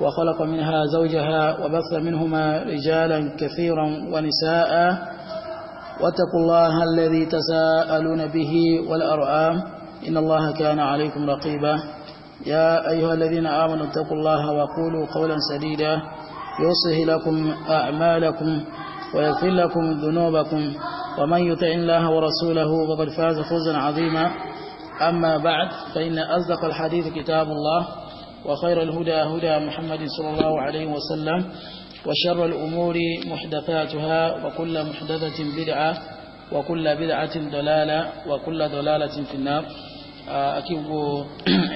وخلق منها زوجها وبث منهما رجالا كثيرا ونساء واتقوا الله الذي تساءلون به والأرآم إن الله كان عليكم رقيبا يا أيها الذين آمنوا اتقوا الله وقولوا قولا سديدا يصلح لكم أعمالكم ويغفر لكم ذنوبكم ومن يطع الله ورسوله فقد فاز فوزا عظيما أما بعد فإن أصدق الحديث كتاب الله وخير الهدى هدى محمد صلى الله عليه وسلم وشر الأمور محدثاتها وكل محدثة بدعة وكل بدعة ضلالة وكل ضلالة في النار أكيد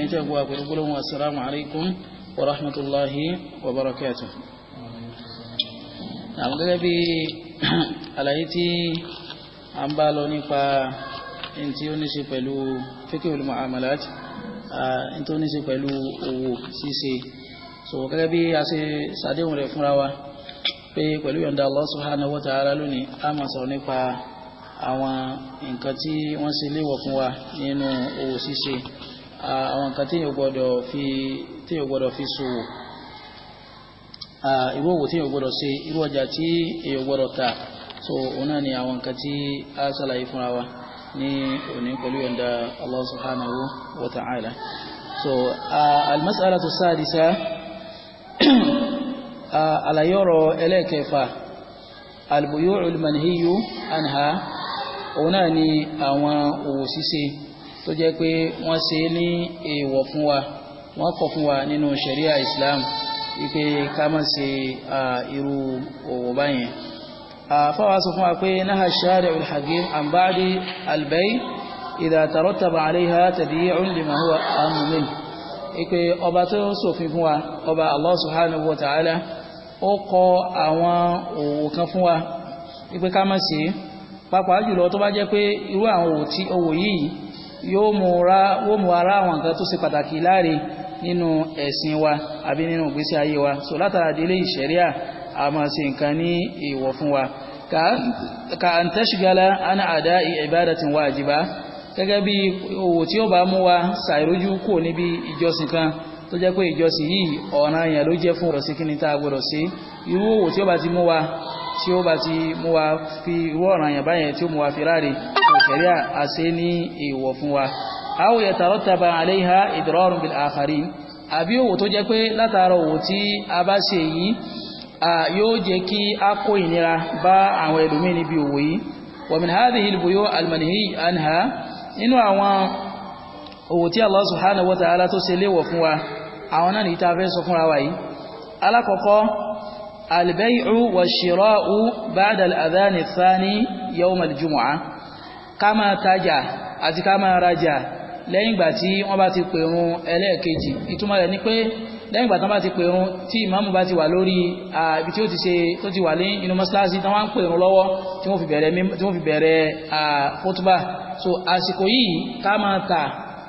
أنتبوا أقولكم والسلام عليكم ورحمة الله وبركاته نعم gẹ́gẹ́ على àlàyé أمبالوني فا ń bá lọ nípa ẹni tó ní ṣe pẹ̀lú owó ṣíṣe so gẹ́gẹ́ bí a ṣe ṣàdéhùn rẹ̀ fúnra wa pé pẹ̀lú yọ̀ǹda Allah subhanahu wa ta'ala lónìí a máa sọ̀rọ̀ nípa àwọn nǹkan tí wọ́n ṣe léwọ̀ fún wa nínú owó ṣíṣe àwọn nǹkan tí yóò gbọ́dọ̀ fi tí yóò gbọ́dọ̀ fi ṣòwò irú òwò tí yóò gbọ́dọ̀ ṣe irú ọjà tí yóò gbọ́dọ̀ ta so òun náà ni àwọn nǹkan tí a ṣàlàyé fúnra wa ní òní pẹ̀lú yọ̀ǹda Allah subhanahu wa ta'ala so al-mas'alatu sadisa àlàyé ọ̀rọ̀ ẹlẹ́ẹ̀kẹfà al-buyu'ul manhiyu anha òun náà ni àwọn òwò ṣíṣe tó jẹ́ pé wọ́n ṣe ní èèwọ̀ wa wọ́n kọ̀ fún wa nínú sharia islam wípé ká má ṣe irú òwò báyẹn فهو سفوا نهى na الحكيم عن بعد البيع إذا ترتب عليها تبيع لما هو أهم منه ipe ọba tó sòfin fún wa ọba Allah subhanahu wa ta'ala ó kọ àwọn òwò kan fún wa ipe ká má ṣe pàápàá jùlọ tó bá jẹ́ pé irú àwọn òwò yìí yóò mú ara àwọn nǹkan tó ṣe pàtàkì láre nínú ẹ̀sìn wa àbí nínú so látara délé ìṣẹ̀ríà a máa ṣe nǹkan ní èèwọ̀ fún wa ka an tashgala an àdá ibadatin wajiba gẹ́gẹ́ bí owó tí ó bá mú wa ṣàìrójú kò níbi ìjọsìn kan tó jẹ́ pé ìjọsìn yìí ọ̀ranyàn ló jẹ́ fún ọ̀rọ̀sí kí ni tá a gbọ́dọ̀ sí irú owó tí ó bá ti mú wa tí ó bá ti mú wa fi irú ọ̀ranyàn báyẹn tí ó mú wa fi ráre òṣèré àṣẹ ní èèwọ̀ fún wa aw yatarattaba alayha idrarun bil akharin àbí owó tó jẹ́ pé látara owó tí a bá ṣe yìí yóò jẹ́ kí a kó ìnira bá àwọn ẹlòmíì níbi òwò yìí wa min hadhihi al-buyu' al-manhiy anha nínú àwọn òwò tí Allah subhanahu wa ta'ala tó ṣe léwọ̀ fún wa àwọn náà ní ta fẹ́ sọ fúnra wa yìí alákọ̀ọ́kọ́ al-bay'u wash-shira'u ba'da al-adhan ath ká máa tajà àti ká máa rajà lẹ́yìn ìgbà tí wọ́n bá ti pèrun ẹlẹ́ẹ̀kejì ìtumọ̀ rẹ̀ ni pé lẹ́yìn ìgbà tán bá ti pè irun tí ìmáàmù bá ti wà lórí ibi tí ó ti ṣe tó ti wà ní inú mọ́ṣáláṣí tán wá ń pè irun lọ́wọ́ tí wọ́n fi bẹ̀rẹ̀ tí wọ́n fi bẹ̀rẹ̀ fótúbà so àsìkò yìí ká máa tà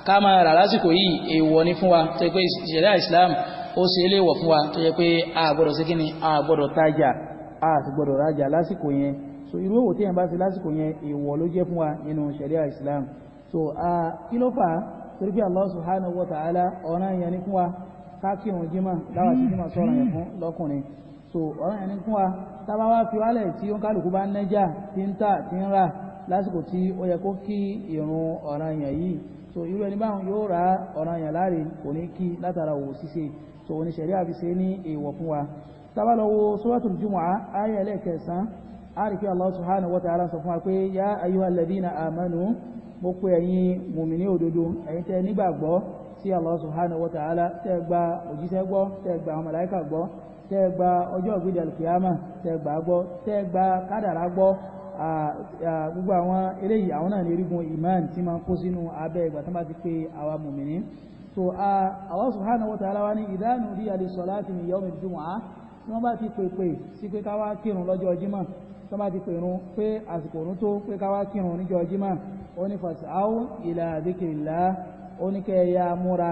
ká máa rà lásìkò yìí èèwọ̀ ni fún wa tó yẹ pé ìṣẹ̀lẹ̀ Islam ó ṣe eléwọ̀ fún wa tó yẹ pé a gbọ́dọ̀ ṣe kí ni a gbọ́dọ̀ tajà a sì gbọ́dọ̀ rajà lásìkò yẹn so irú òwò téèyàn bá ṣe lásìkò yẹn èèwọ̀ ló jẹ́ fún wa nínú ìṣẹ̀lẹ̀ Islam so kí ló fà á torí pé Allah subhanahu wa ta'ala ọ̀ràn yẹn ni fún wa káàkiri òun jimá láwa ti jimá sọ̀rọ̀ yẹn fún lọ́kùnrin so ọ̀rọ̀ yẹn ní fún wa tábà wá fi wálẹ̀ tí ó ń kálukú bá nẹ́jà tí ń tà tí ń rà lásìkò tí ó yẹ kó kí ìrun ọ̀ràn yẹn yìí so irú ẹni báwọn yóò ra ọ̀ràn yẹn láre kò ní kí látara òwò ṣíṣe so oníṣẹ̀rí àfi ṣe ní èèwọ̀ fún wa tábà lọ wo suratul jumu'ah subhanahu wa ta'ala sọ fún ya ayyuhalladhina amanu mo pe ẹ̀yin mùmíní òdodo ẹ̀yin tẹ́ sí Allah subhanahu wa ta'ala tẹ́ gba òjíṣẹ́ gbọ́ tẹ́ gba àwọn màláíkà gbọ́ tẹ́ gba ọjọ́ ògbéjà kìámà tẹ́ gbà gbọ́ tẹ́ gba kádàrá gbọ́ gbogbo àwọn eléyìí àwọn náà ní erigun iman tí máa ń kó sínú abẹ́ ìgbà tó bá ti pé àwa mùmìnì so Allah subhanahu wa ta'ala wa ní idha nudiya lis-salati min yawmi al-jumu'ah tí wọ́n bá ti pè pè sí pé ká wá kírun lọ́jọ́ Jímọ̀ tó bá ti pèrún pé àsìkò òun tó pé ká kírun níjọ́ Jímọ̀ ó ní fas'au ila dhikrillah ó ní kẹ́ ẹ ya múra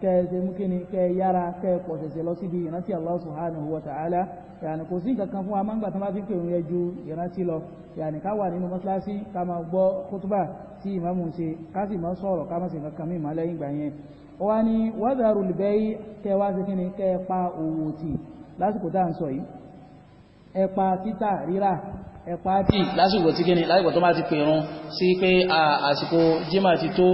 kẹ́ ẹ ṣe mú kíni kẹ́ ẹ yára kẹ́ ẹ pọ̀ṣẹ̀ṣẹ̀ lọ síbi ìrántí Allah subhanahu wa ta'ala yàní kò sí nǹkan kan fún wa máa ń gbà tó bá fi ń pèrún yẹn ju ìrántí lọ yàní ká wà nínú mọ́ṣáláṣí ká máa gbọ́ kútúbà tí ìmáàmù ń ṣe ká sì máa sọ̀rọ̀ ká máa ṣe nǹkan kan mí ìmọ̀lẹ́yìn ìgbà yẹn wọ́n ní wọ́dàrú lùbẹ́yì kẹ́ wá sí kíni kẹ́ pa òwò tì lásìkò tá à ń sọ yìí ẹ pa títà rírà ẹ̀pá tì lásìkò tí kíni lásìkò tó máa ti pè run sí pé àsìkò jimá ti tó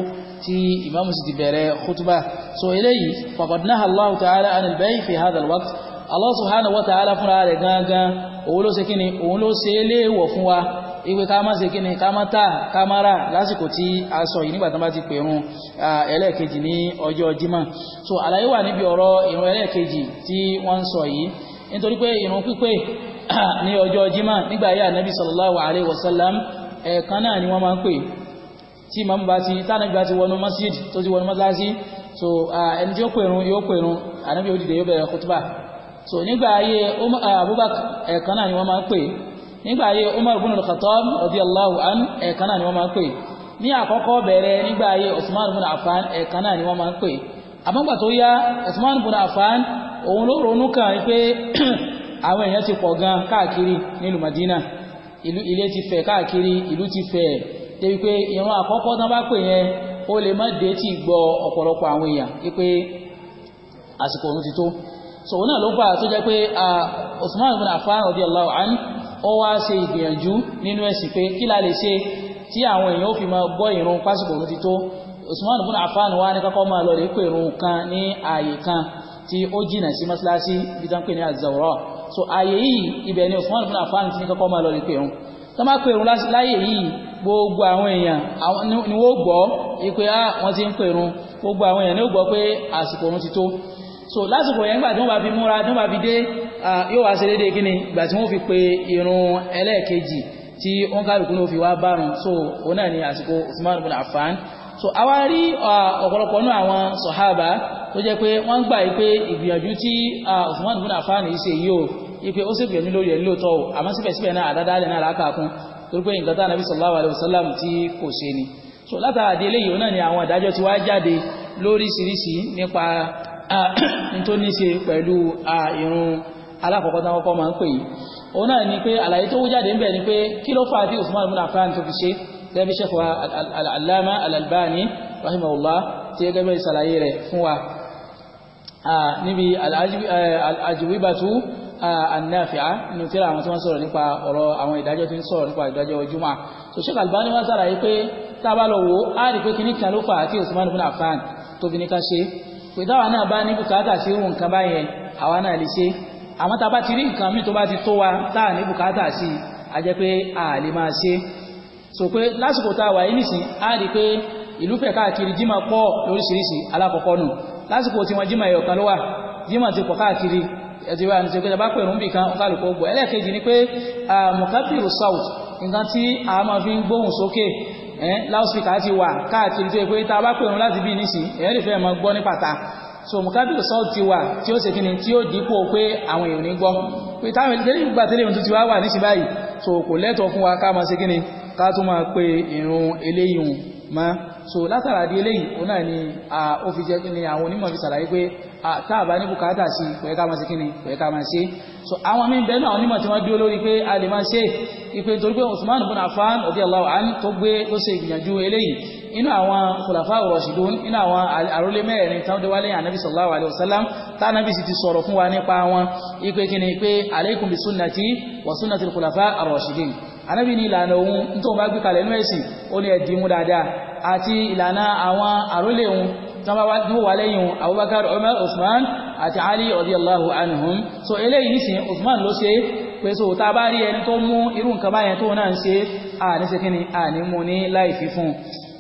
tí ìmáàmù sì ti bẹ̀rẹ̀ kútúbà so eléyìí faqad naha Allahu ta'ala anil bay' fi hadha al-waqt Allah wa ta'ala fúnra rẹ̀ gangan òun ló ṣe kíni òun ló ṣe é léèwọ̀ fún wa ipe ká má ṣe kí ni ká má tà ká má rà lásìkò tí a sọ yìí nígbà tó bá ti pèrún ẹlẹ́ẹ̀kejì ní ọjọ́ Jímọ̀ so àlàyé wà níbi ọ̀rọ̀ ìrun ẹlẹ́ẹ̀kejì tí wọ́n ń sọ yìí ní ọjọ́ jimá nígbà yá nabi sallallahu alayhi wa sallam ẹ̀ẹ̀kan náà ni wọ́n máa ń pè tí imam bá ti tánàbí bá ti wọnú masjid tó ti wọnú masáàsì so ẹni tí ó pèrún yóò pèrún ànábì ó yóò bẹ̀rẹ̀ kútùbà so nígbà ayé abubakar ẹ̀ẹ̀kan náà ni wọ́n máa ń pè nígbà ayé umar bin al-khattab radiyallahu an ẹ̀ẹ̀kan náà ni wọ́n máa ń pè ní àkọ́kọ́ bẹ̀rẹ̀ nígbà ayé usman bin affan ẹ̀ẹ̀kan náà ni wọ́n máa ń pè àmọ́gbà tó yá usman bin affan òun ló ronú kàn pé àwọn èèyàn ti pọ̀ gan káàkiri nílùú Madina ìlú ilé ti fẹ̀ káàkiri ìlú ti fẹ̀ débi pé ìran àkọ́kọ́ tán bá pè yẹn ó lè má dé tí gbọ́ ọ̀pọ̀lọpọ̀ àwọn èèyàn wípé àsìkò òun ti tó so òun náà ló fà tó jẹ́ pé Usman ibn Affan radiyallahu anhu ó wá ṣe ìgbìyànjú nínú ẹ̀sìn pé kí la lè ṣe tí àwọn èèyàn ó fi máa gbọ́ ìrun pásìkò òun ti tó Usman ibn Affan wá ní kọ́kọ́ máa lọ lè pè ìrun kan ní ààyè kan tí ó jìnà sí mọ́sálásí bí tán pè ní àzàwọ̀rọ̀ so ààyè yìí ibẹ̀ ni Usman ibn Affan ti ní kọ́kọ́ máa lọ lè pè wọn tó máa pè wọn láyè yìí gbogbo àwọn èèyàn ni wọ́n gbọ́ pé ah, wọ́n ti ń pè wọn gbogbo àwọn èèyàn ni wọ́n gbọ́ pé àsìkò wọn ti tó so lásìkò yẹn gbà tí wọ́n bá fi múra tí wọ́n bá fi dé yóò wá ṣe déédéé kí ni ìgbà tí wọ́n fi pe irun ẹlẹ́ẹ̀kejì tí wọ́n kálukú ló fi wá bárun so òun náà ni àsìkò Usman ibn Affan so àwa rí ọ̀pọ̀lọpọ̀ nínú àwọn sọ̀hábà tó jẹ́ pé wọ́n gbà yìí pé ìgbìyànjú tí Usman ibn Affan yìí ṣe yìí o ipe ó sèbìyàn nílò rẹ̀ lóòótọ́ o àmọ́ síbẹ̀síbẹ̀ náà àdádálẹ̀ náà lákàkún torí pé nǹkan tá ànábì sallallahu alaihi wasallam tí kò ṣe ni so látara àdé eléyìí náà ni àwọn àdájọ́ ti wá jáde lóríṣiríṣi nípa tó ní ṣe pẹ̀lú irun alákọ̀ọ́kọ́ táwọn kọ́ máa ń pè yìí òun náà ni pé àlàyé tó wú jáde ń bẹ̀ ni pé kí ló fà á tí Usman ibn Affan tó fi ṣe gẹ́gẹ́ Sheikh wa al-Allama al-Albani rahimahullah tí gẹ́gẹ́ bẹ́ẹ̀ ṣàlàyé rẹ̀ fún wa níbi al-Ajwibatu an-Nafi'a ní tíra àwọn tí wọ́n sọ̀rọ̀ nípa ọ̀rọ̀ àwọn ìdájọ́ tí ń sọ̀rọ̀ nípa ìdájọ́ Jumu'ah so Sheikh Albani wọ́n sàlàyé pé tá a bá lọ wò ó á rí i pé kíní kan ló fà á tí Usman ibn Affan tó fi ní ká ṣe pé táwa náà bá ní bùkátà sí irú nǹkan báyẹn àwa náà lè ṣe àmọ́ tá a bá ti rí nǹkan míì tó bá ti tó wa táà ní bùkátà sí i a jẹ́ pé a lè máa ṣe so pé lásìkò tá a wà yìí nìsín á rí i pé ìlú fẹ̀ káàkiri jimá pọ̀ lóríṣiríṣi alákọ̀ọ́kọ́ nù lásìkò tí wọ́n jimá ẹ̀yọ̀kan ló wà jimá ti pọ̀ káàkiri ẹ̀tí wá ní ṣe pé tàbá pẹ̀rún bì kan kálukú gbọ́ ẹlẹ́ẹ̀kejì ni pé mọ̀kábìrù south nǹkan tí a máa fi ń gbóhùn sókè láùsìkà ti wà káàkiri tó yẹ pé tàbá pẹ̀rún láti bí nísìn èyàn lè fẹ́ máa gbọ́ ní pàtà so mọ̀kábìrù south ti wà tí ó ṣe kí ni tí ó dípò pé àwọn èèyàn ní gbọ́ pé táwọn ìdílé ìgbà tẹ́lẹ̀ tó ti wá wà nísìn báyìí so kò lẹ́tọ̀ọ́ fún wa ká máa ṣe kí ni ká tún máa pe ìrun eléyìí hùn so látara di eléyìí òun náà ni ó fi ni àwọn onímọ̀ fi ṣàlàyé pé tá a bá ní bùkátà sí pẹ̀lú ká máa ṣe kíni pẹ̀lú ká máa ṣe so àwọn míín bẹ́ẹ̀ náà onímọ̀ tí wọ́n dúró lórí pé a lè máa ṣe ìpè nítorí pé Usman ibn Affan radiyallahu anhu tó gbé tó ṣe ìgbìyànjú eléyìí inú àwọn khulafa ar inú àwọn àrólé mẹ́rin táwọn déwálé sallallahu alayhi wa sallam tá ànábì sì ti sọ̀rọ̀ fún wa nípa wọn ìpè kíni pé alaykum bi sunnati wa sunnati al-khulafa anábì ní ìlànà òun tó bá gbé kalẹ̀ nínú ẹ̀sìn ó ní ẹ̀dì mú dáadáa àti ìlànà àwọn àrólé òun tó bá wà lẹ́yìn òun Abubakar Umar Usman àti Ali radiyallahu anhum so eléyìí nísìn Usman ló ṣe pé so tá a bá rí ẹni tó mú irú nǹkan báyẹn tó náà ń ṣe à ní ṣe kíni à ní mú ní láì fífún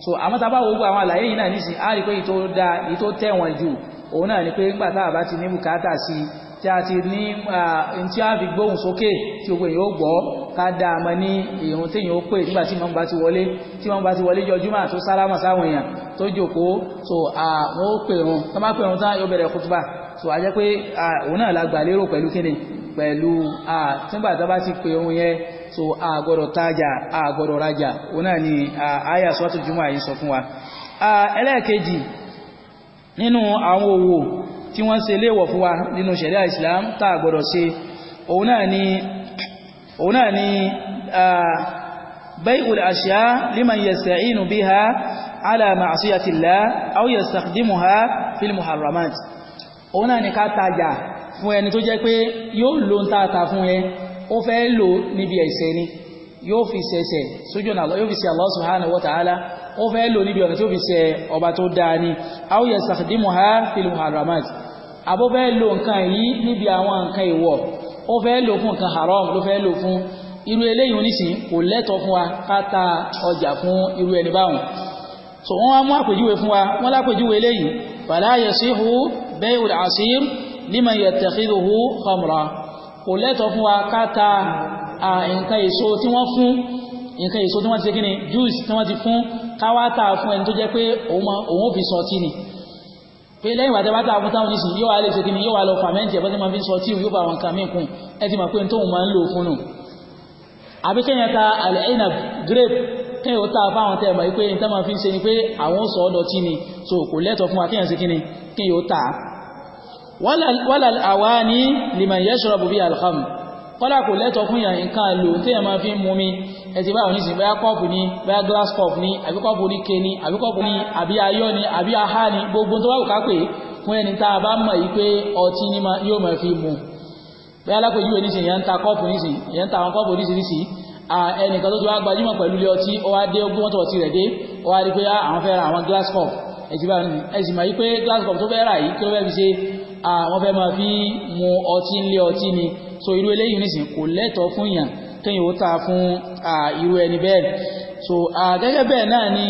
so àmọ́ tá a bá wo gbogbo àwọn àlàyé yìí náà nísìn á rí pé èyí dáa èyí tẹ̀wọ̀n jù òun náà ni pé nígbà tá a bá ti ní bùkátà sí i tí a ti ní ntí a fi gbóhùn sókè tí gbogbo èèyàn ó gbọ́ ká dá a mọ̀ ní ìhun téèyàn ó pè nígbà tí màmú bá ti wọlé tí màmú bá ti wọlé jọjúmọ́ àti sálámà sáwọn èèyàn tó jókòó so àwọn ó pè wọn tó má pè wọn tán yóò bẹ̀rẹ̀ kútúbà so a jẹ́ pé òun náà la gbà lérò pẹ̀lú kíni pẹ̀lú nígbà tó bá ti pè wọn yẹn so a gbọ́dọ̀ tajà a gbọ́dọ̀ rajà òun náà ni àyà sọ́tù jùmọ̀ àyè sọ fún wa ẹlẹ́ẹ̀kejì nínú àwọn òwò tí wọ́n ṣe léèwọ̀ fún wa nínú ṣẹ̀ríà Islam tá a gbọ́dọ̀ ṣe òun náà ni òun náà ni bay'ul ashya liman yasta'inu biha ala ma'siyatillah aw yastakhdimuha fil muharramat òun náà ni ká tajà fún ẹni tó jẹ́ pé yóò lo fún ẹ ó fẹ́ lò níbi ẹ̀ṣẹ̀ ni yóò fi ṣẹ̀ṣẹ̀ sójú ọ̀nà yóò fi ṣe Allah subhanahu wa ta'ala ó fẹ́ lò níbi ọ̀nà tó fi ṣe ọba tó dáa ni aw yastakhdimuha fil muharramat àbó fẹ́ lò nǹkan yìí níbi àwọn nǹkan ìwọ̀ ó fẹ́ lò fún nǹkan haram ló fẹ́ lò fún irú eléyìí oníṣìn kò lẹ́tọ̀ọ́ fún wa ká ọjà fún irú ẹni báwọn so wọ́n wá mú àpèjúwe fún wa wọ́n lápèjúwe eléyìí fala yasihu bay'ul asir liman yattakhidhuhu nǹkan èso tí wọ́n fún nǹkan èso tí wọ́n ti ṣe kí ni juice tí wọ́n ti fún káwá tà fún ẹni tó jẹ́ pé òun ò fi sọ tí ni pé lẹ́yìn wàtẹ́ wàtẹ́ àkúntà òní sùn yóò wá lè ṣe kí ni yóò wá lọ fàmẹ́ǹtì ẹ̀fọ́ tí wọ́n fi ń sọ tí yóò bá wọn kà mí kún ẹ ti mọ̀ pé tóun máa ń lò fún nù àbí kẹ́yìn ta àlẹ́yìnà grape kẹ́yìn ó ta fáwọn tẹ́ mọ̀ pé níta máa fi ń ṣe ni pé àwọn sọ ọ́dọ̀ tí ni so àwa ni liman yashrabu biha kọ́dà kò lẹ́tọ̀ fún yàn nǹkan lò téèyàn máa fi ń mumi ẹ ti báwọn oníṣìí kọ́ọ̀pù ni bóyá glass cup ni àbí kọ́ọ̀pù oníke ni àbí kọ́ọ̀pù ni àbí ayọ́ ni àbí aha ni gbogbo tó bá wù ká pè fún ẹni tá a bá mọ̀ yìí pé ọtí ni yóò máa fi mu bóyá alákòjúwe níṣìí yẹn ń ta kọ́ọ̀pù níṣìí yẹn ń ta àwọn kọ́ọ̀pù oríṣiríṣi ẹnìkan tó ti wá gbajúmọ̀ pẹ̀lú ilé ọtí ó wá dé ogún mọ́tò ọtí rẹ̀ dé ó wá rí pé ah, àwọn fẹ́ ra àwọn glass cup ẹ̀sìn bá nìyí ẹ̀sìn máa yí pé glass cup tó fẹ́ rà yìí kí ló fẹ́ fi ṣe àwọn fẹ́ máa fi mu ọtí ńlé ọtí ni so irú eléyìí nísìn kò lẹ́tọ̀ọ́ fún yàn kéyìn ó ta fún irú ẹni bẹ́ẹ̀ so gẹ́gẹ́ bẹ́ẹ̀ náà ni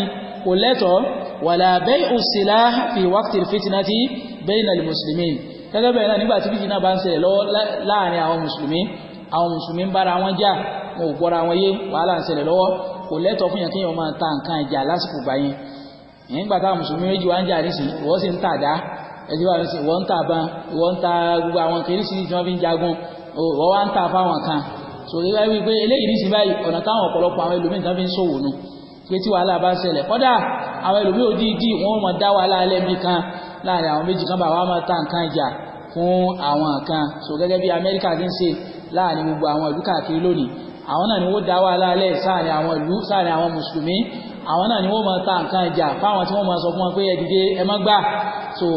kò lẹ́tọ̀ọ́ wàlà bay'u silah fi waqtil fitnati bainal muslimin gẹ́gẹ́ bẹ́ẹ̀ náà nígbà tí fìtínà bá ń ṣẹlẹ̀ lọ́wọ́ láàrin àwọn mùsùlùmí àwọn mùsùlùmí ń bára wọn jà wọn ò gbọ́ra wọn yé wàhálà ń ṣẹlẹ̀ lọ́wọ́ kò lẹ́tọ̀ọ́ fún yàn kéèyàn máa ta nǹkan ìjà lásìkò gbà yẹn nígbà táwọn mùsùlùmí méjì wá ń jà nísìn ìwọ sì ń tà dá ẹtí ń tà ban ìwọ ń ta gbogbo àwọn kìrìsìtì tí wọ́n fi ń jagun wọ́n wá ń tà fáwọn kan so gẹ́gẹ́ bíi pé eléyìí ní sí báyìí ọ̀nà táwọn ọ̀pọ̀lọpọ̀ àwọn ẹlòmíì kan fi ń ṣòwò nù pé tí wàhálà bá ṣẹlẹ̀ kọ́dà àwọn ẹlòmíì ò dídì wọ́n mọ̀ dá wàhálà ẹlẹ́mìí kan láàrin àwọn méjì kan bá wà máa ta nǹkan ìjà fún àwọn kan so gẹ́gẹ́ bí Amẹ́ríkà ti ń ṣe láàrin gbogbo àwọn ìlú káàkiri lónìí àwọn náà ni wọ́n dá wàhálà ẹlẹ́ sáàrin àwọn ìlú sáàrin àwọn mùsùlùmí àwọn náà ni wọ́n máa ta nǹkan ìjà fáwọn tí wọ́n máa sọ fún wọn pé ẹ dìde ẹ má gbà so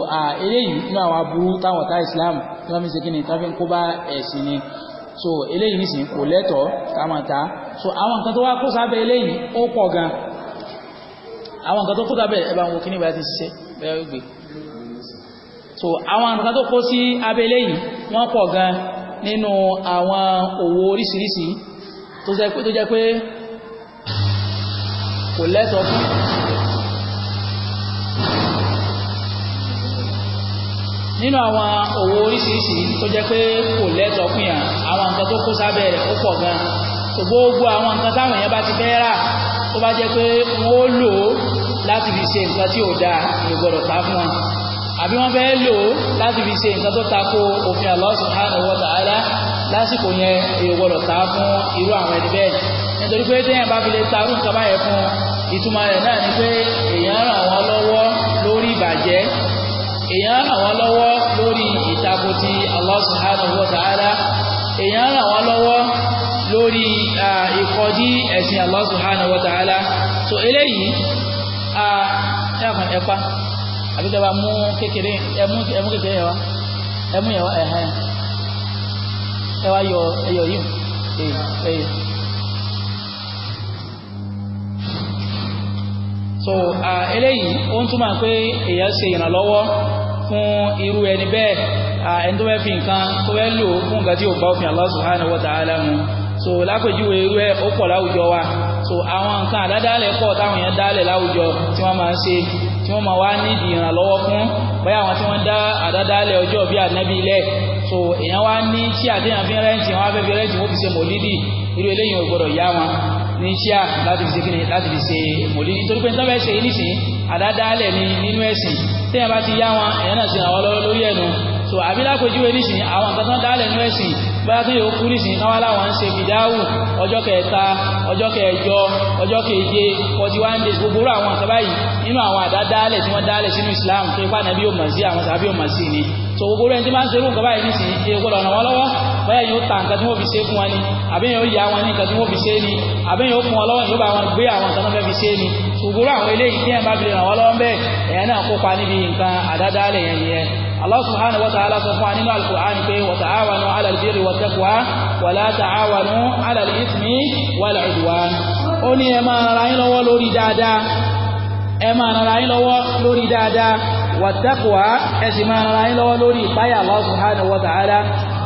eléyìí inú àwọn aburú táwọn ọ̀tá Islam tí wọ́n fi ṣe kíni tí wọ́n fi ń kó bá ẹ̀sìn ni so eléyìí nìsín kò lẹ́tọ̀ọ́ ká máa ta so àwọn nǹkan tó wá kó sábẹ́ eléyìí ó pọ̀ gan àwọn nǹkan tó kó sábẹ́ ẹ bá wọn kíní bá ti ṣiṣẹ́ bẹ́ẹ̀ gbé so àwọn nǹkan tó kó sí abẹ́ eléyìí wọ́n pọ̀ gan nínú àwọn òwò oríṣiríṣi tó jẹ́ pé kò lẹ́tọ̀ọ́ fún. nínú àwọn òwò oríṣiríṣi tó jẹ́ pé kò lẹ́tọ̀ọ́ fún yàn àwọn nǹkan tó kó sábẹ́ rẹ̀ ó pọ̀ gan-an gbogbo àwọn nǹkan táwọn èèyàn bá ti fẹ́ rà tó bá jẹ́ pé wọ́n ó lò ó láti fi ṣe nǹkan tí ò dáa lè gbọ́dọ̀ ta fún wọn àbí wọ́n fẹ́ lò ó láti fi ṣe nǹkan tó tako òfin Allah subhanahu wa ta'ala lásìkò yẹn lè gbọ́dọ̀ ta fún irú àwọn ẹni bẹ́ẹ̀ nítorí pé téèyàn bá fi lè sarú nǹkan báyẹn fún ìtumọ̀ rẹ̀ náà ni pé èèyàn ràn wọ́n lọ́wọ́ lórí ìbàjẹ́ èèyàn ràn wọ́n lọ́wọ́ lórí ìtako ti Allah subhanahu wa ta'ala èèyàn ràn wọ́n lọ́wọ́ lórí ìkọjí ẹ̀sìn Allah subhanahu wa ta'ala so eléyìí ẹ̀kùn ẹ̀pa àbíkẹ́bà mú kékeré ẹmú kékeré yẹn wá ẹmú yẹn wá ẹ̀hán ẹwà yọ ẹyọ yìí so eléyìí ó ń túmọ̀ pé èèyàn ṣe ìrànlọ́wọ́ fún irú ẹni bẹ́ẹ̀ ẹni tó fẹ́ fi nǹkan tó fẹ́ lò fún nǹkan tí ò bá òfin Allah subhanahu wa ta'ala so lápèjúwe irú ẹ ó pọ̀ láwùjọ wa so àwọn nǹkan àdádálẹ̀ pọ̀ táwọn èèyàn dálẹ̀ láwùjọ tí wọ́n máa ń ṣe tí wọ́n máa wá nídìí ìrànlọ́wọ́ fún bóyá àwọn tí wọ́n dá àdádálẹ̀ ọjọ́ bíi ànábì ilẹ̀ so èèyàn wá ní tí àdéhàn fi rẹ́ǹtì wọn á fẹ́ fi rẹ́ǹtì wọn fi ṣe mòlídì irú eléyìí ò gbọdọ̀ yá wọn ní ṣíà láti fi ṣe kíni láti fi ṣe mòlídì torí pé nítorí ẹsẹ̀ yìí nìsín àdádálẹ̀ ni nínú ẹ̀sìn téèyàn bá ti yá wọn èèyàn náà sì ràn lórí ẹ̀nu so àbí lápèjúwe nísìn àwọn nǹkan tán dálẹ̀ nínú ẹ̀sìn bóyá kí yóò kú nísìn káwá láwọn ń ṣe fìdáhù ọjọ́ kẹta ọjọ́ kẹjọ ọjọ́ keje forty one days gbogbo àwọn nǹkan báyìí nínú àwọn àdádálẹ̀ tí wọ́n dálẹ̀ sínú Islam tó ipá nàbí yóò mọ̀ sí àwọn sàbí yóò mọ̀ sí ni so gbogbo rẹ̀ tí máa ń ṣerú nǹkan báyìí nísìn ìyókò lọ́nà wọn lọ́wọ́ bóyá yóò ta nǹkan tí wọ́n fi ṣe fún wọn ni àbí yóò ya wọn ní nǹkan tí wọ́n fi ṣe ni àbí yóò fún wọn lọ́wọ́ yóò bá wọn gbé àwọn nǹkan tó fẹ́ fi ṣe ni ṣùgbọ́n àwọn eléyìí tí ẹ̀ bá fi ràn wọ́n lọ́wọ́ bẹ́ẹ̀ ẹ̀yà náà kópa níbi nǹkan àdádálẹ̀ yẹn nìyẹn Allah subhanahu wa ta'ala sọ fún wa nínú al-Qur'an pé wa ta'awanu 'ala máa ràn yín yín lọ́wọ́ lórí ìpáyà Allah subhanahu wa ta'ala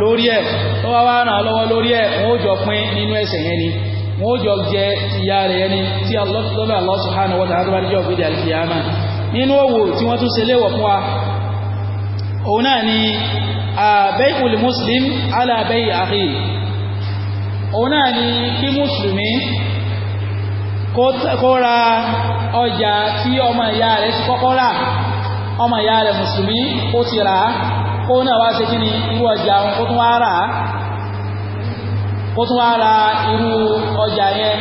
lórí ẹ̀ tó wá wá ràn lọ́wọ́ lórí ẹ̀ wọ́n ó jọ pín nínú ẹ̀ṣẹ̀ yẹn ni wọ́n ó jọ jẹ ìyá rẹ̀ yẹn ni tí lọ́dọ̀ Allah subhanahu wa ta'ala jẹ́ ògbédè àlùkìyàmà nínú òwò tí wọ́n tún ṣe léwọ̀ fún wa òun náà ni kó náà wá ṣe kí ni irú ọjà òun tún wá irú ọjà yẹn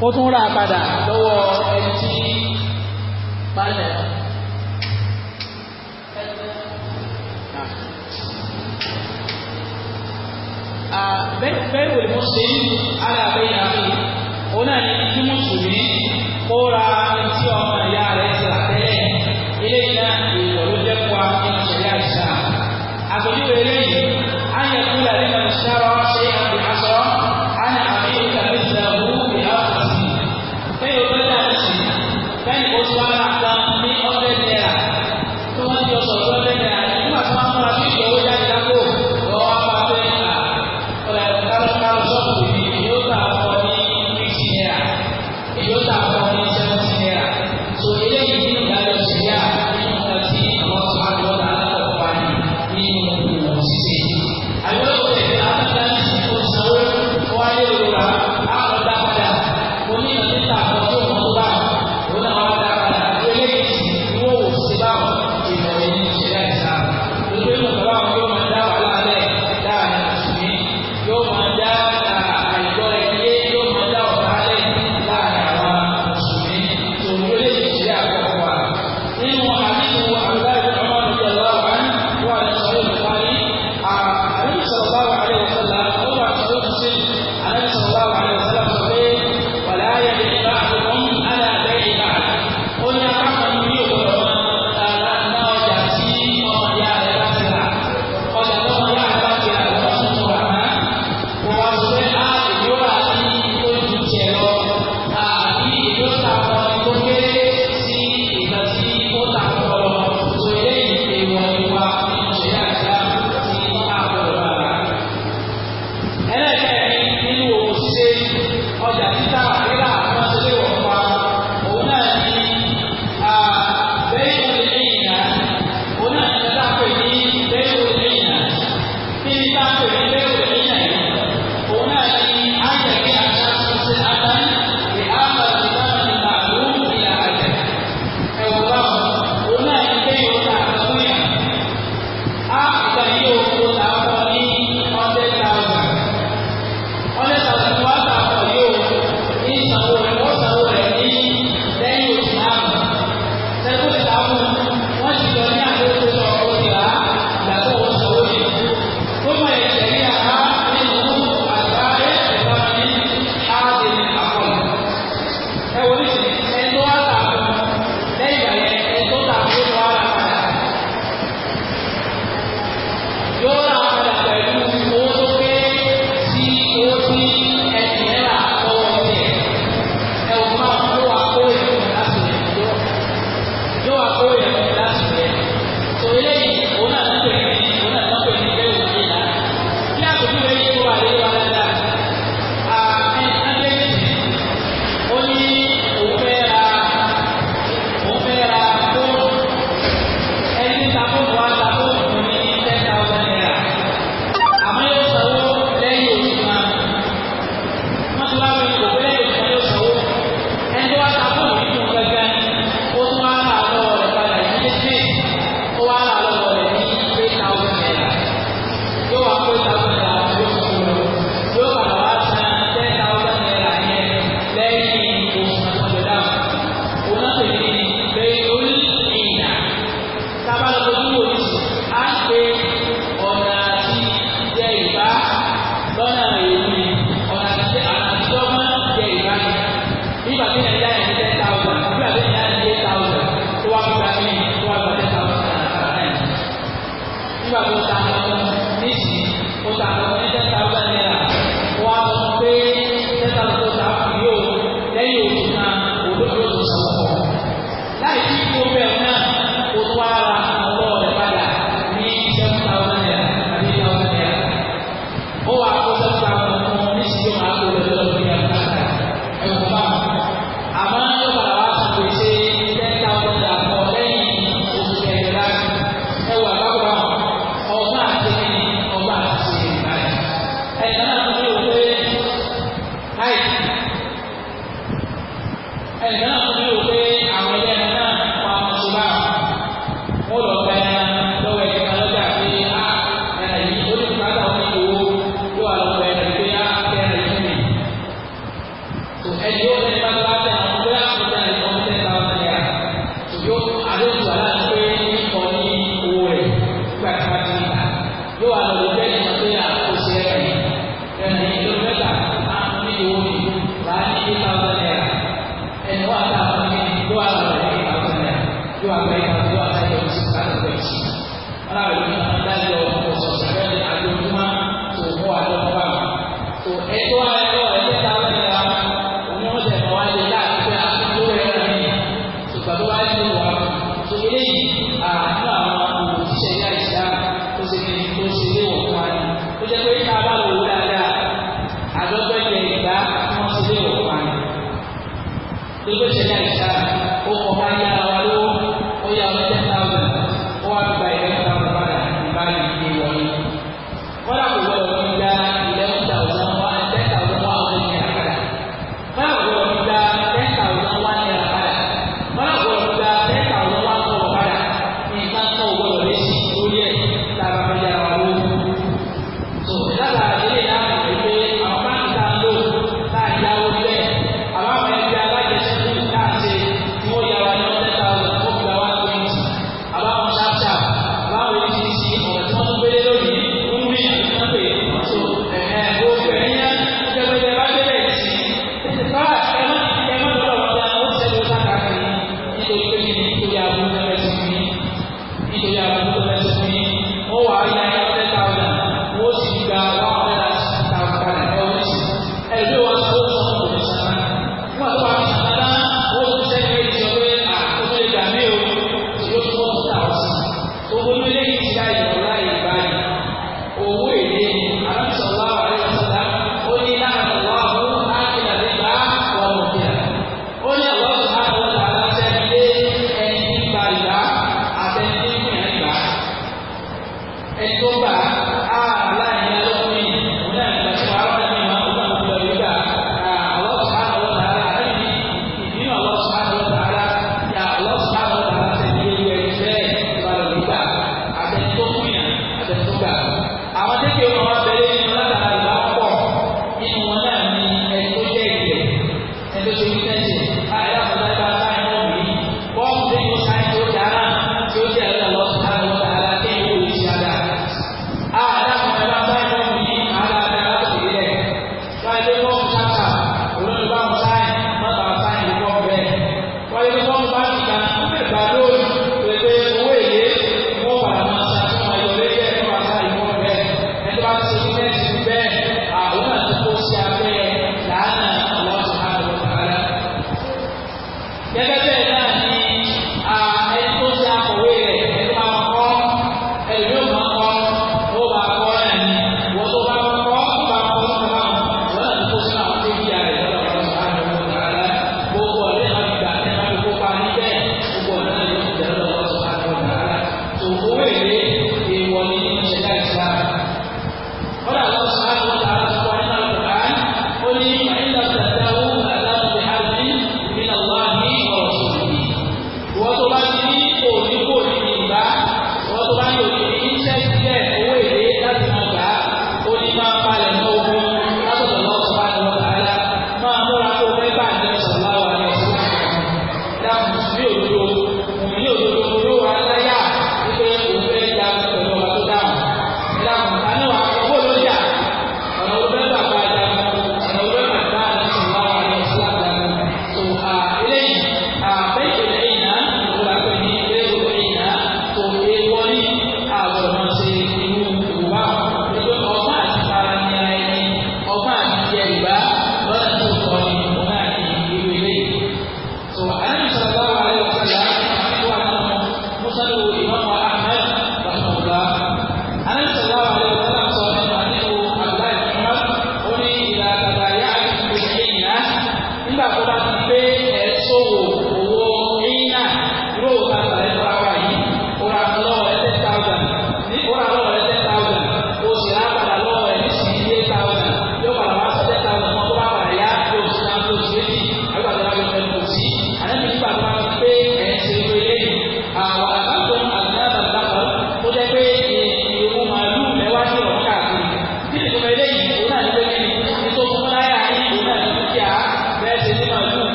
kó tún rà padà lọ́wọ́ ẹni tí balẹ̀. ṣe ní ìyàwó náà ní kí kó ra ẹni tí ọmọ ìyá rẹ̀ ti rà. àpèjúwe eléyìí á yẹ kúlẹ̀ nínú ìṣẹ́rọ̀ ṣe àbí aṣọ á ní àmì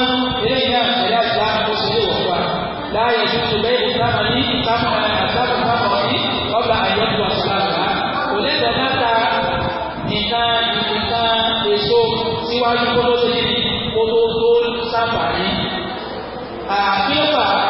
eléyìí náà ẹ̀yà ìsìlámù ó sì lè wọ̀ wá láàyè tuntun bẹ́ẹ̀ ní sáàmù ní ìsáàmù àtàkùn sáàmù ní ọba àyẹ̀kù àsìlámù rà kò ní ìdáná ta nǹkan nǹkan èso síwájú kótó sí kótó tó sábà ní. àbí ó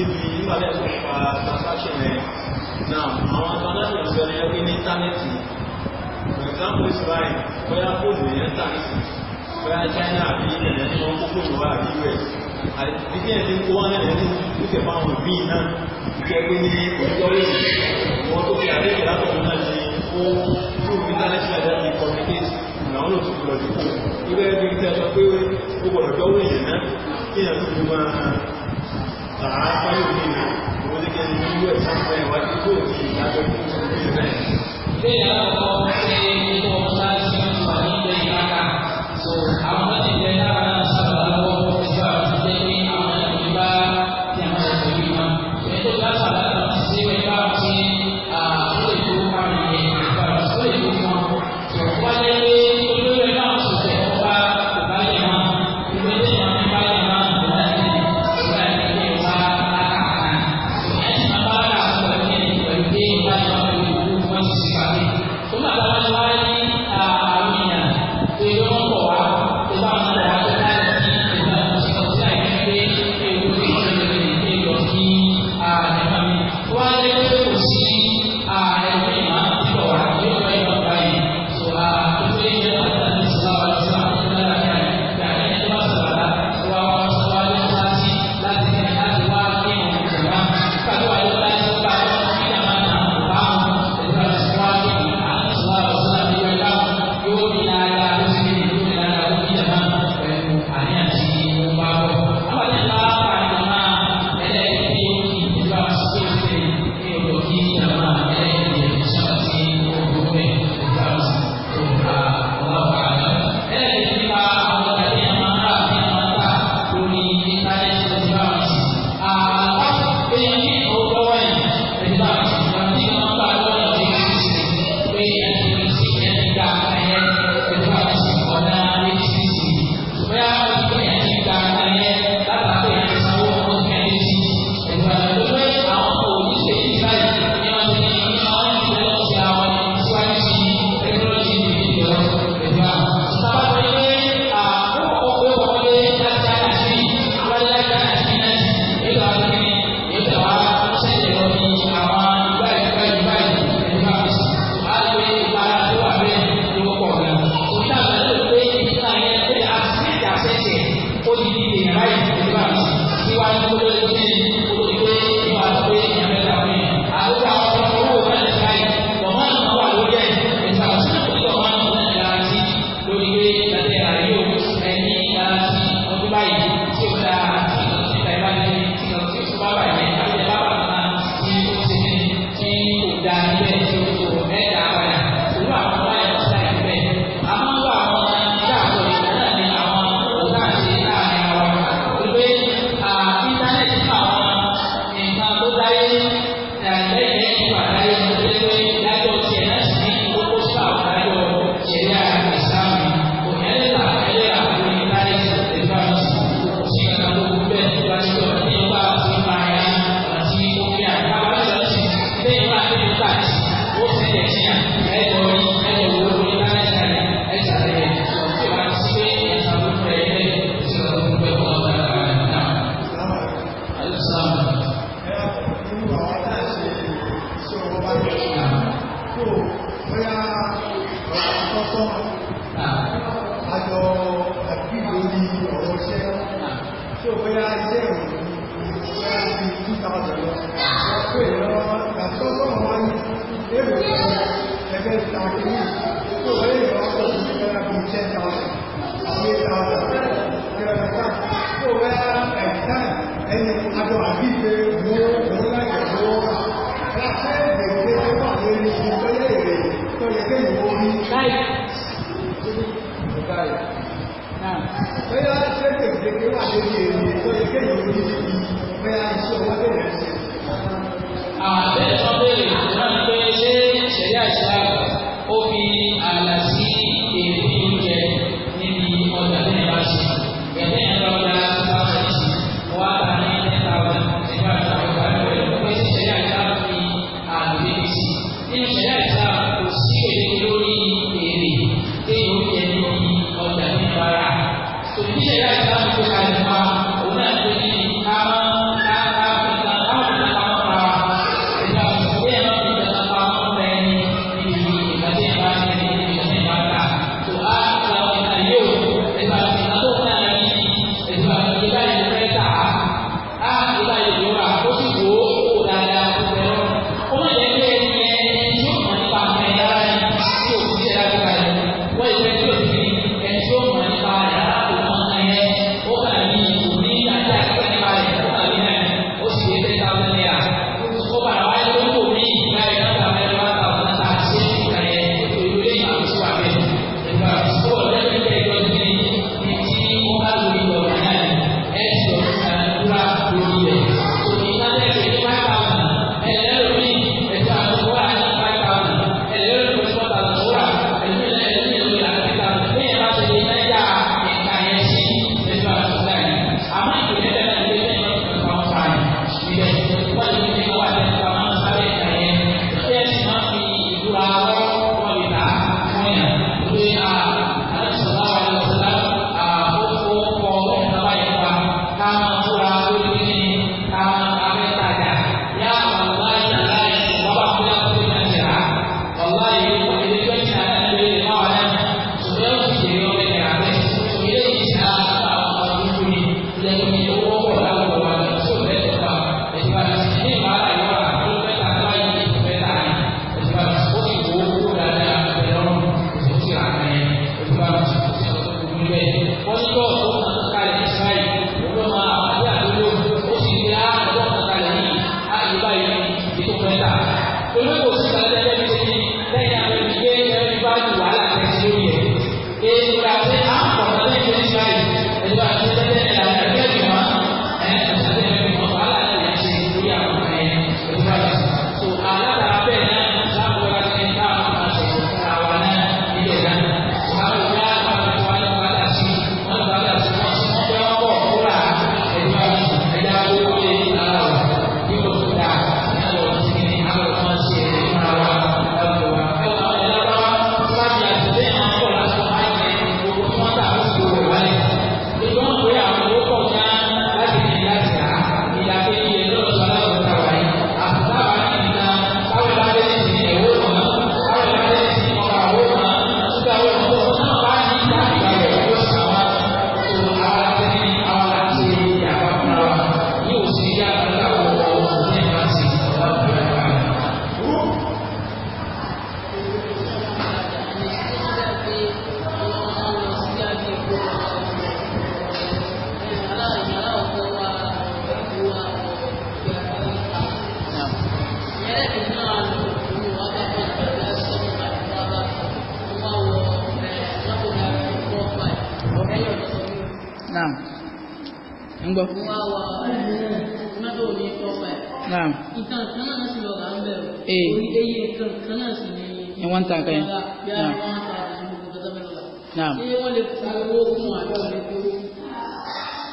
níbi ìgbàlẹ̀ tó fa transaction rẹ̀ náà àwọn transaction sọ ní ẹgbẹ́ ní íńtánẹ́ẹ̀tì for example is fine bóyá fóònù yẹn tà nísìnyí bóyá China àbí ilẹ̀ tí wọ́n kó fóònù àbí US àdìgbẹ́ ẹ̀ ti ń kó wọn lẹ́yìn ní ìṣẹ̀ fáwọn míì náà jẹ́ pé ní òjò lẹ́sìn wọn tó fi àdéhùn látọ̀kùn náà ti kó fóònù íńtánẹ́ẹ̀tì àti àti communicate làwọn ò tún lọ sí fóònù. ibẹ̀ bí tẹ́ sọ pé ó gbọ́dọ̀ dọ́wọ́ èèyàn náà Thank you.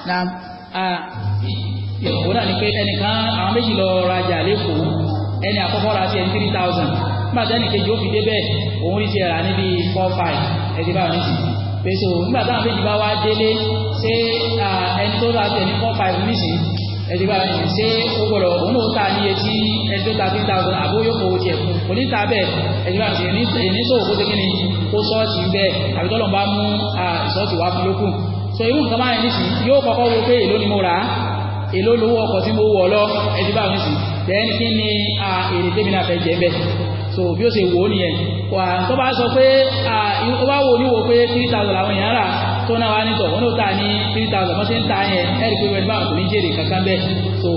na ìyàwó náà ni pé ẹnìkan àwọn méjì lọ rajà lẹ́kọ̀ọ́ ẹni àkọ́kọ́ ra tiẹ̀ ní three thousand nígbà tí ẹnì kejì ó fi débẹ̀ òun rí tiẹ̀ rà níbi four five ẹ̀dí báwọn ní sìn pèsè òun nígbà táwọn méjì bá wá délé ṣé ẹni tó ra tiẹ̀ ní four five ní sìn ẹ̀dí báwọn ní sìn ṣé ó gbọ́dọ̀ òun náà ta ní etí ẹni tó ta three thousand àbó yóò fowó tiẹ̀ fún òní ta bẹ́ẹ̀ ẹ̀dí báwọn ní sìn èní sòwò kó ṣe kí ni kó so irú nǹkan báyìí nísìn yóò kọ́kọ́ wo pé èló ni mo rà á èló lówó ọkọ̀ tí mo wọ̀ lọ ẹtí báyìí nísìn then kí ni èrè tèmi náà fẹ́ jẹ bẹ́ẹ̀ so bí ó ṣe wò ó nìyẹn wà tó bá sọ pé ó bá wò níwò pé three thousand làwọn èèyàn rà tó náà wá nítọ̀ wọn ló ta ní three thousand wọ́n ṣe ń ta yẹn ẹ̀rí pé wẹ́n báwọn kò ní jèrè kankan bẹ́ẹ̀ so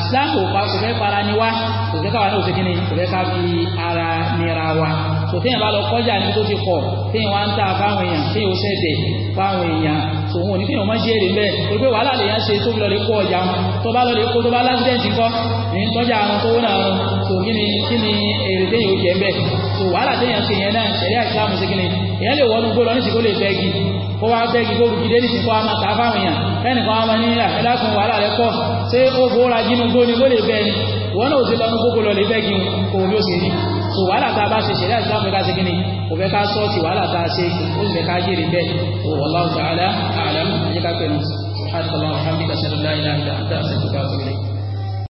Islam kò fẹ́ fara ni wá kò fẹ́ káwa náà ò ṣe kí ni kò fẹ́ ká fi ara nira wa so téèyàn bá lọ kọjá ní tó ti pọ̀ téèyàn wá ń ta fáwọn èèyàn téèyàn ó ṣẹ̀dẹ̀ fáwọn èèyàn so ò ní kí èèyàn èrè bẹ́ẹ̀ torí pé wàhálà lèèyàn ṣe tó lọ lè kó ọjà wọn tó bá lọ lè kó tó bá lásìdẹ́ǹtì kọ́ ní tọ́jà àwọn tó wọ́nà àwọn so kí ni kí ni èrè téèyàn ó ń bẹ̀ so wàhálà téèyàn ṣe yẹn náà ṣẹ̀rí àìsílámù sí kí ni èèyàn lè wọnú gbó lọ ní ìsìnkú lè fẹ́ gi kó wá fẹ́ gi kó gidé nísìnkú wa máa ta fáwọn èèyàn ẹnì kan wa so wàhálà tá a bá ṣe ṣẹlẹ̀ àti láwọn ẹ̀ka ṣe kí ni kò fẹ́ ká sọ ti wàhálà tá a ṣe ó sì fẹ́ ká jèrè bẹ́ẹ̀ so wallahu ta'ala a'lam ẹ̀yẹ ká pẹ̀lú subhanahu wa ta'ala alhamdulilayi la ilaha illa anta astaghfiruka wa atubu ilayk